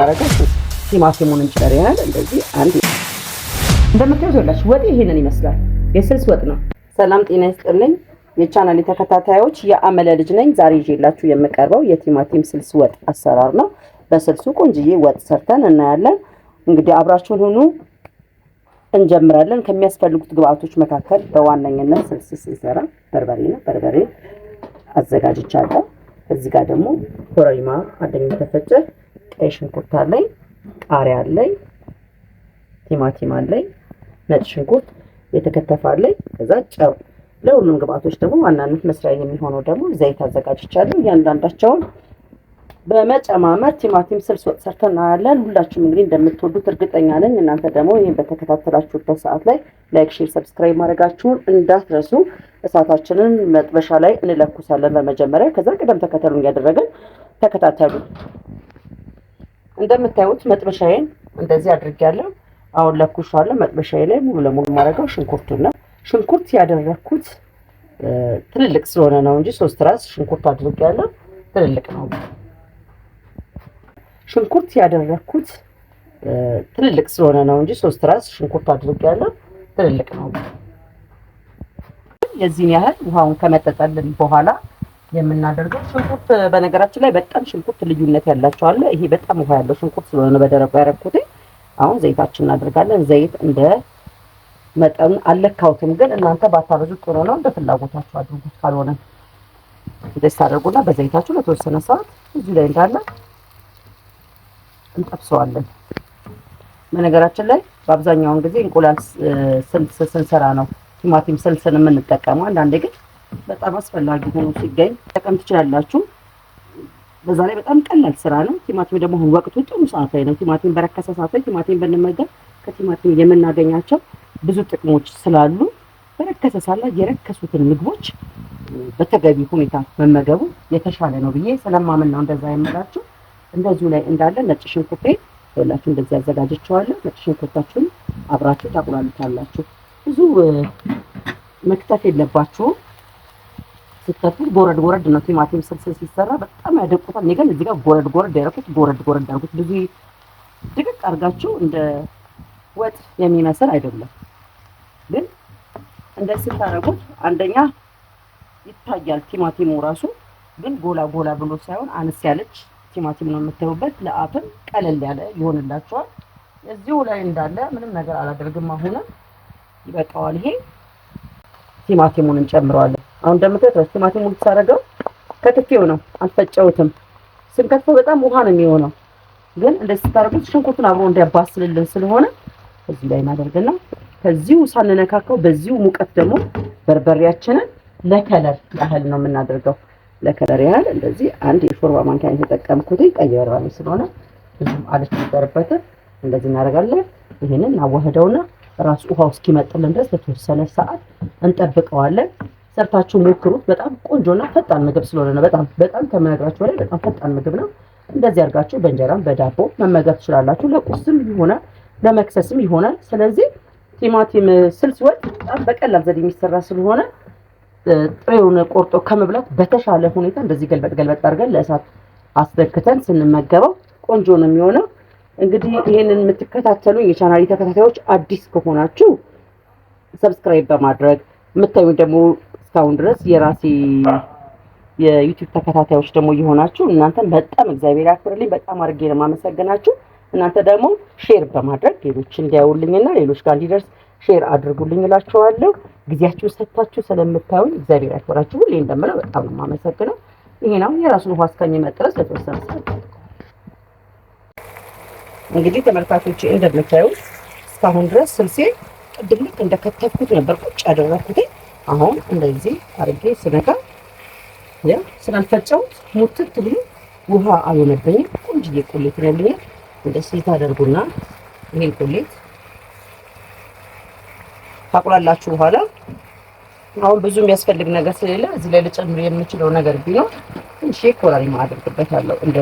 የምናደርገው ቲማቲሙን እንጨረናል። እንደዚህ አንድ እንደምታዩት ወላች ወጥ ይሄንን ይመስላል። የስልስ ወጥ ነው። ሰላም ጤና ይስጥልኝ የቻናል ተከታታዮች፣ የአመለ ልጅ ነኝ። ዛሬ ይዤላችሁ የምቀርበው የቲማቲም ስልስ ወጥ አሰራር ነው። በስልሱ ቆንጅዬ ወጥ ሰርተን እናያለን። እንግዲህ አብራችሁን ሁኑ እንጀምራለን። ከሚያስፈልጉት ግብአቶች መካከል በዋነኝነት ስልስ ስንሰራ በርበሬ ነው። በርበሬ አዘጋጅቻለሁ። እዚህ ጋር ደግሞ ኮረሪማ አደኝ የተፈጨ ቀይ ሽንኩርት አለኝ፣ ቃሪያ አለኝ፣ ቲማቲም አለኝ፣ ነጭ ሽንኩርት የተከተፈ አለኝ። ከዛ ጨው። ለሁሉም ግብአቶች ደግሞ ዋናነት መስሪያ የሚሆነው ደግሞ ዘይት አዘጋጅቻለሁ እያንዳንዳቸውን በመጨማመር ቲማቲም ስልስ ወጥ ሰርተን እናያለን። ሁላችሁም እንግዲህ እንደምትወዱት እርግጠኛ ነኝ። እናንተ ደግሞ ይህን በተከታተላችሁበት ሰዓት ላይ ላይክ፣ ሼር፣ ሰብስክራይብ ማድረጋችሁን እንዳትረሱ። እሳታችንን መጥበሻ ላይ እንለኩሳለን በመጀመሪያ ከዛ ቅደም ተከተሉን እያደረግን ተከታተሉ። እንደምታዩት መጥበሻዬን እንደዚህ አድርጌያለሁ። አሁን ለኩሻለሁ። መጥበሻዬ ላይ ሙሉ ለሙሉ ማድረገው ሽንኩርቱን ነው። ሽንኩርት ያደረኩት ትልልቅ ስለሆነ ነው እንጂ ሶስት ራስ ሽንኩርት አድርጌያለሁ። ትልልቅ ነው። ሽንኩርት ያደረኩት ትልልቅ ስለሆነ ነው እንጂ ሶስት ራስ ሽንኩርት አድርጌያለሁ። ትልልቅ ነው። የዚህን ያህል ውሃውን ከመጠጠልን በኋላ የምናደርገው ሽንኩርት፣ በነገራችን ላይ በጣም ሽንኩርት ልዩነት ያላቸው አለ። ይሄ በጣም ውሃ ያለው ሽንኩርት ስለሆነ በደረቁ ያደረኩት። አሁን ዘይታችን እናደርጋለን። ዘይት እንደ መጠኑ አለካውትም፣ ግን እናንተ ባታበዙ ጥሩ ነው። እንደ ፍላጎታችሁ አድርጉት። ካልሆነ ደስ ታደርጉና በዘይታችሁ ለተወሰነ ሰዓት እዚሁ ላይ እንዳለ እንጠብሰዋለን። በነገራችን ላይ በአብዛኛውን ጊዜ እንቁላል ስንሰራ ነው ቲማቲም ስልስን የምንጠቀመው። አንዳንዴ ግን በጣም አስፈላጊ ሆኖ ሲገኝ ጠቀም ትችላላችሁ። በዛ ላይ በጣም ቀላል ስራ ነው። ቲማቲም ደግሞ አሁን ወቅቱ ጥሩ ሰዓት ላይ ነው። ቲማቲም በረከሰ ሰዓት ላይ ቲማቲም ብንመገብ ከቲማቲም የምናገኛቸው ብዙ ጥቅሞች ስላሉ በረከሰ ሰዓት ላይ የረከሱትን ምግቦች በተገቢ ሁኔታ መመገቡ የተሻለ ነው ብዬ ስለማምን ነው እንደዛ የምላችሁ። እንደዚሁ ላይ እንዳለ ነጭ ሽንኩርቴ ሁላችሁ እንደዚህ አዘጋጀችዋለሁ። ነጭ ሽንኩርታችሁን አብራችሁ ታቁላሉታላችሁ። ብዙ መክተፍ የለባችሁም። ስተቱ ጎረድ ጎረድ ነው። ቲማቲም ስልስል ሲሰራ በጣም ያደቁታል። እኔ ግን እዚህ ጋር ጎረድ ጎረድ ያደረኩት ጎረድ ጎረድ ያደረኩት ብዙ ድቅቅ አድርጋችሁ እንደ ወጥ የሚመስል አይደለም። ግን እንደዚህ ስታደርጉት አንደኛ ይታያል ቲማቲሙ ራሱ ግን ጎላ ጎላ ብሎ ሳይሆን አነስ ያለች ቲማቲም ነው የምትተውበት። ለአፍም ቀለል ያለ ይሆንላችኋል። እዚሁ ላይ እንዳለ ምንም ነገር አላደርግም። አሁንም ይበቃዋል። ይሄ ቲማቲሙን እንጨምረዋለን። አሁን እንደምታዩት ቲማቲሙን ሳረገው ከትፌው ነው አልፈጨሁትም። ስንከትፈው በጣም ውሃ ነው የሚሆነው፣ ግን እንደዚህ ስታደርጉት ሽንኩርቱን አብሮ እንዲያባስልልን ስለሆነ እዚህ ላይ እናደርግና ከዚሁ ሳንነካከው በዚሁ ሙቀት ደግሞ በርበሬያችንን ለከለር ያህል ነው የምናደርገው። ለከለር ያህል እንደዚህ አንድ የሾርባ ማንኪያ የተጠቀምኩት ቀይ ስለሆነ ብዙም አልቸገርበትም። እንደዚህ እናደርጋለን። ይህንን አዋህደውና ራሱ ውሃው እስኪመጥልን ድረስ ለተወሰነ ሰዓት እንጠብቀዋለን። ሰርታችሁ ሞክሩት። በጣም ቆንጆና ፈጣን ምግብ ስለሆነ ነው። በጣም በጣም ከምነግራችሁ በላይ በጣም ፈጣን ምግብ ነው። እንደዚህ አድርጋችሁ በእንጀራም በዳቦ መመገብ ትችላላችሁ። ለቁርስም ይሆናል፣ ለመክሰስም ይሆናል። ስለዚህ ቲማቲም ስልስ ወጥ በጣም በቀላል ዘዴ የሚሰራ ስለሆነ ጥሬውን ቆርጦ ከመብላት በተሻለ ሁኔታ እንደዚህ ገልበጥ ገልበጥ አድርገን ለእሳት አስደክተን ስንመገበው ቆንጆ ነው የሚሆነው። እንግዲህ ይህንን የምትከታተሉ የቻናሊ ተከታታዮች አዲስ ከሆናችሁ ሰብስክራይብ በማድረግ የምታዩ ደግሞ እስካሁን ድረስ የራሴ የዩቲዩብ ተከታታዮች ደግሞ የሆናችሁ እናንተን በጣም እግዚአብሔር ያክብርልኝ። በጣም አድርጌ ነው የማመሰግናችሁ። እናንተ ደግሞ ሼር በማድረግ ሌሎች እንዲያዩልኝና ሌሎች ጋር እንዲደርስ ሼር አድርጉልኝ እላችኋለሁ። ጊዜያችሁን ሰጥታችሁ ስለምታዩኝ እግዚአብሔር ያክብራችሁ። ሁሌ እንደምለው በጣም የማመሰግነው ይሄ ነው። የራሱን ውሃ እስከሚመጥ ድረስ የተወሰነ ሰዓት እንግዲህ ተመልካቾች እንደምታዩ እስካሁን ድረስ ስልሴ ቅድም ልክ እንደከተፍኩት ነበር ቁጭ ያደረኩት። አሁን እንደዚህ አርጌ ስነካ ያ ስላልፈጨሁት ሙትት ብሎ ውሃ አልሆነብኝም። ቆንጅዬ ቁሌት ነልኛል። እንደዚህ ታደርጉና ይሄን ቁሌት ካቁላላችሁ በኋላ አሁን ብዙ የሚያስፈልግ ነገር ስለሌለ እዚህ ላይ ልጨምር የምችለው ነገር ቢኖር ትንሽ ኮረሪማ አድርግበታለሁ። እንደ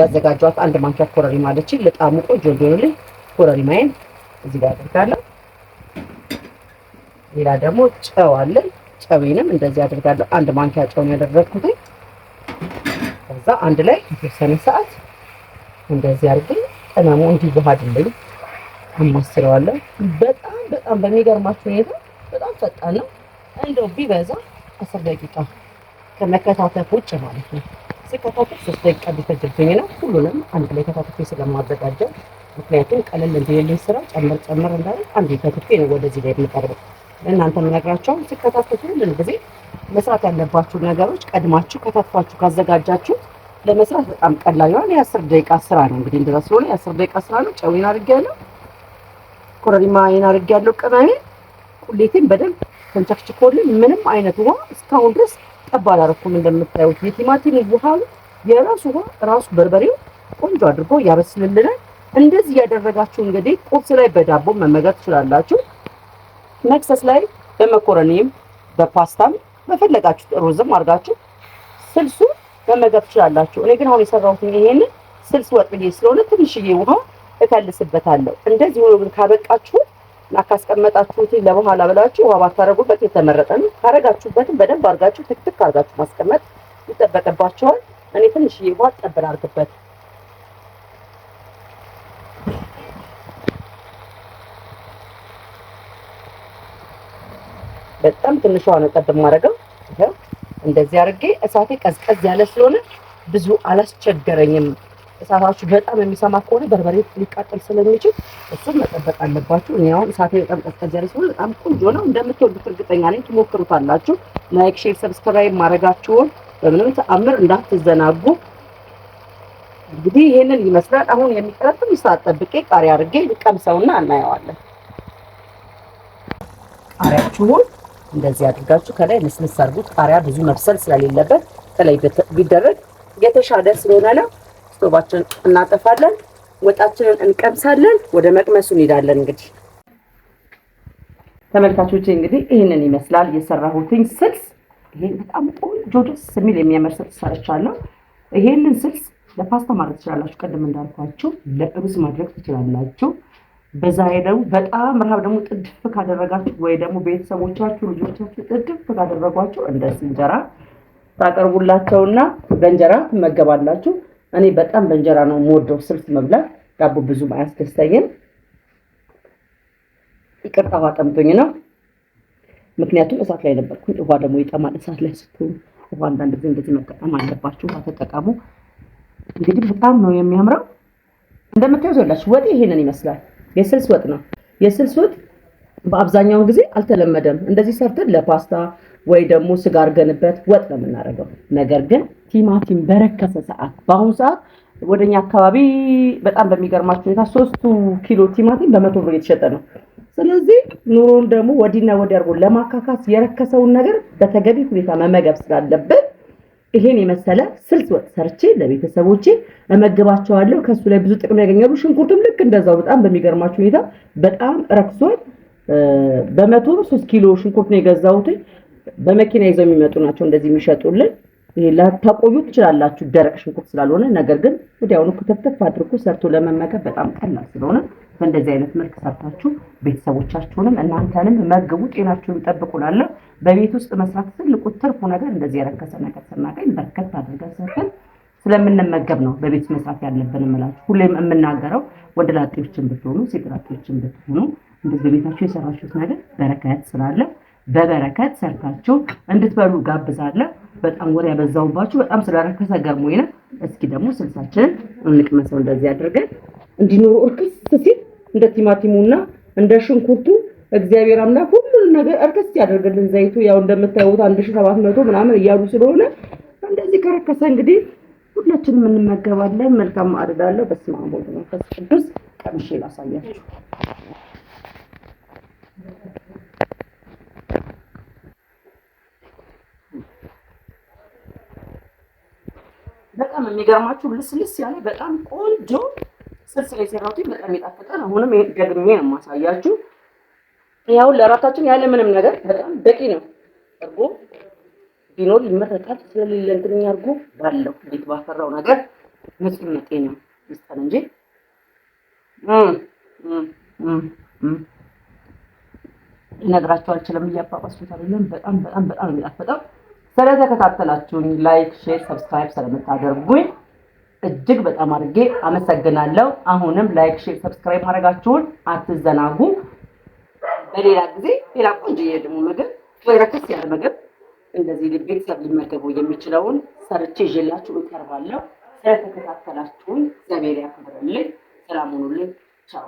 ያዘጋጇት አንድ ማንኪያ ኮረሪማ አለችኝ። ለጣዕሙ ቆንጆ እንዲሆንልኝ ኮረሪማዬን እዚህ ጋር አድርጋለሁ። ሌላ ደግሞ ጨው አለኝ። ጨዌንም እንደዚህ አድርጋለሁ። አንድ ማንኪያ ጨውን ያደረግኩት ከዛ አንድ ላይ የተወሰነ ሰዓት እንደዚህ አድርጌ ቅመሙ እንዲዋሃድልኝ አማስለዋለሁ በጣም በጣም በሚገርማችሁ ሁኔታ በጣም ፈጣን ነው። እንደው ቢበዛ አስር ደቂቃ ከመከታተፍ ውጭ ማለት ነው። ስከታተፍ ሶስት ደቂቃ ቢፈጅብኝ ነው ሁሉንም አንድ ላይ ከታተፌ ስለማዘጋጀው ምክንያቱም ቀለል እንዲልልኝ ስራ ጨምር ጨምር እንዳለ አንድ ከትፌ ነው ወደዚህ ላይ የምቀርበው። ለእናንተ የምነግራቸውን ስከታተፉ ሁሉን ጊዜ መስራት ያለባችሁ ነገሮች ቀድማችሁ ከታትፋችሁ ካዘጋጃችሁ ለመስራት በጣም ቀላል ይሆናል። የአስር ደቂቃ ስራ ነው እንግዲህ እንደዛ ስለሆነ የአስር ደቂቃ ስራ ነው። ጨዊን አድርጌያለሁ። ኮረሪማዬን ያለው ቅመሜ ቁሌቴን በደንብ ተንቸክችኮልን ምንም አይነት ውሃ እስካሁን ድረስ ጠብ አላደረኩም። እንደምታዩት የቲማቲም ውሃ የራሱ ውሃ ራሱ በርበሬው ቆንጆ አድርጎ ያበስልልናል። እንደዚህ ያደረጋችሁ እንግዲህ ቁርስ ላይ በዳቦ መመገብ ትችላላችሁ። መክሰስ ላይ በመኮረኒም በፓስታም በፈለጋችሁ ሩዝም አድርጋችሁ ስልሱ መመገብ ትችላላችሁ። እኔ ግን አሁን የሰራሁትን ይሄንን ስልስ ወጥ ብዬ ስለሆነ ትንሽዬ ውሃ እፈልስበታለሁ። እንደዚህ ሆኖ ግን ካበቃችሁ እና ካስቀመጣችሁት ለበኋላ ብላችሁ ውሃ ባታረጉበት የተመረጠ ነው። ካረጋችሁበትም በደንብ አርጋችሁ ትክትክ አርጋችሁ ማስቀመጥ ይጠበቅባቸዋል። እኔ ትንሽ ውሃ ጠብር አርግበት በጣም ውሃ ነው ጠብ የማደርገው። እንደዚህ አድርጌ እሳቴ ቀዝቀዝ ያለ ስለሆነ ብዙ አላስቸገረኝም። እሳታችሁ በጣም የሚሰማ ከሆነ በርበሬ ሊቃጠል ስለሚችል እሱም መጠበቅ አለባችሁ። እኔ አሁን እሳቴ በጣም ቀዝቀዝ ሲሆን በጣም ቆንጆ ነው። እንደምትወዱት እርግጠኛ ነኝ። ትሞክሩታላችሁ። ላይክ፣ ሼር፣ ሰብስክራይብ ማድረጋችሁን በምንም ተአምር እንዳትዘናጉ። እንግዲህ ይሄንን ይመስላል። አሁን የሚቀረጥም ሰዓት ጠብቄ ቃሪያ አድርጌ ልቀምሰውና እናየዋለን። ቃሪያችሁን እንደዚህ አድርጋችሁ ከላይ ንስንስ አድርጉት። ቃሪያ ብዙ መብሰል ስለሌለበት ከላይ ቢደረግ የተሻለ ስለሆነ ነው። ስቶባችን እናጠፋለን። ወጣችንን እንቀምሳለን። ወደ መቅመሱ እንሄዳለን። እንግዲህ ተመልካቾች እንግዲህ ይህንን ይመስላል የሰራሁትኝ ስልስ። ይሄ በጣም ቆንጆ ደስ የሚል የሚያምር ስልስ ሰርቻለሁ። ይሄንን ስልስ ለፓስታ ማድረግ ትችላላችሁ። ቀደም እንዳልኳችሁ ለሩዝ ማድረግ ትችላላችሁ። በዛ ሄደው በጣም ረሃብ ደግሞ ጥድፍ ካደረጋችሁ ወይ ደግሞ ቤተሰቦቻችሁ ልጆቻችሁ ጥድፍ ካደረጓችሁ እንደዚህ እንጀራ ታቀርቡላቸውና በእንጀራ ትመገባላችሁ። እኔ በጣም በእንጀራ ነው የምወደው ስልስ መብላት። ዳቦ ብዙም አያስደስተኝም። ይቅርታ ውሃ ጠምቶኝ ነው፣ ምክንያቱም እሳት ላይ ነበርኩኝ። ውሃ ደግሞ ይጠማል። እሳት ላይ ስትሆን ውሃ አንዳንድ ጊዜ እንደዚህ መጠቀም አለባችሁ። ውሃ ተጠቀሙ። እንግዲህ በጣም ነው የሚያምረው። እንደምታዩት ወላችሁ ወጥ ይሄንን ይመስላል። የስልስ ወጥ ነው የስልስ ወጥ በአብዛኛውን ጊዜ አልተለመደም። እንደዚህ ሰርተን ለፓስታ ወይ ደግሞ ስጋ አድርገንበት ወጥ ነው የምናደርገው። ነገር ግን ቲማቲም በረከሰ ሰዓት በአሁኑ ሰዓት ወደኛ አካባቢ በጣም በሚገርማቸው ሁኔታ ሶስቱ ኪሎ ቲማቲም በመቶ ብር የተሸጠ ነው። ስለዚህ ኑሮን ደግሞ ወዲና ወዲ አድርጎ ለማካካስ የረከሰውን ነገር በተገቢ ሁኔታ መመገብ ስላለብን ይሄን የመሰለ ስልስ ወጥ ሰርቼ ለቤተሰቦቼ እመግባቸዋለሁ። ከሱ ላይ ብዙ ጥቅም ያገኛሉ። ሽንኩርቱም ልክ እንደዛው በጣም በሚገርማቸው ሁኔታ በጣም ረክሷል። በመቶ ሶስት ኪሎ ሽንኩርት ነው የገዛሁት። በመኪና ይዘው የሚመጡ ናቸው እንደዚህ የሚሸጡልን። ይሄ ላታቆዩ ትችላላችሁ፣ ደረቅ ሽንኩርት ስላልሆነ። ነገር ግን ወዲያውኑ ክትፍትፍ አድርጎ ሰርቶ ለመመገብ በጣም ቀላል ስለሆነ በእንደዚህ አይነት መልክ ሰርታችሁ ቤተሰቦቻችሁንም እናንተንም መግቡ፣ ጤናችሁን ይጠብቁላለሁ። በቤት ውስጥ መስራት ትልቁ ትርፉ ነገር እንደዚህ የረከሰ ነገር ስናገኝ በርከት አድርገን ሰርተን ስለምንመገብ ነው በቤት መስራት ያለብን እምላችሁ። ሁሌም የምናገረው ወንድ ላጤዎችን ብትሆኑ ሴት ላጤዎችን ብትሆኑ እንደዚህ ቤታችሁ የሰራችሁት ነገር በረከት ስላለ በበረከት ሰርታችሁ እንድትበሉ ጋብዛለሁ። በጣም ወሬ ያበዛውባችሁ፣ በጣም ስለረከሰ ገርሞኝ ነው። እስኪ ደግሞ ስልሳችንን እንቅመሰው። እንደዚህ አድርገን እንዲኖሩ እርክስ ሲል እንደ ቲማቲሙና እንደ ሽንኩርቱ እግዚአብሔር አምላክ ሁሉንም ነገር እርክስ ያደርግልን። ዘይቱ ያው እንደምታዩት አንድ ሺህ ሰባት መቶ ምናምን እያሉ ስለሆነ እንደዚህ ከረከሰ እንግዲህ ሁላችንም እንመገባለን። መልካም ማዕድ አለው። በስመ አብ ወወልድ ወመንፈስ ቅዱስ። ቀምሼ ላሳያችሁ በጣም የሚገርማችሁ ልስልስ ያለ በጣም ቆንጆ ስልስ ነው የሰራሁት። በጣም የጣፈጠ ነው። አሁንም ደግሜ ነው የማሳያችሁ። ያው ለራታችን ያለ ምንም ነገር በጣም በቂ ነው። እርጎ ቢኖር ይመረጣል። ስለሌለ እንትንኛ እርጎ ባለው ቤት ባፈራው ነገር ንጹህነቴ ነው ይስጠን እንጂ እነግራችሁ አልችልም። እያባባስኩት አይደለም። በጣም በጣም በጣም የሚጣፈጠው ስለተከታተላችሁኝ ላይክ፣ ሼር፣ ሰብስክራይብ ስለምታደርጉኝ እጅግ በጣም አድርጌ አመሰግናለሁ። አሁንም ላይክ፣ ሼር፣ ሰብስክራይብ ማድረጋችሁን አትዘናጉ። በሌላ ጊዜ ሌላ ቆንጆ ደግሞ ምግብ ወይ ረከስ ያለ ምግብ እንደዚህ ቤተሰብ ሊመገቡ የሚችለውን ሰርቼ ይዤላችሁ እቀርባለሁ። ስለተከታተላችሁኝ እግዚአብሔር ያክብርልኝ። ሰላም ሁኑልኝ። ቻው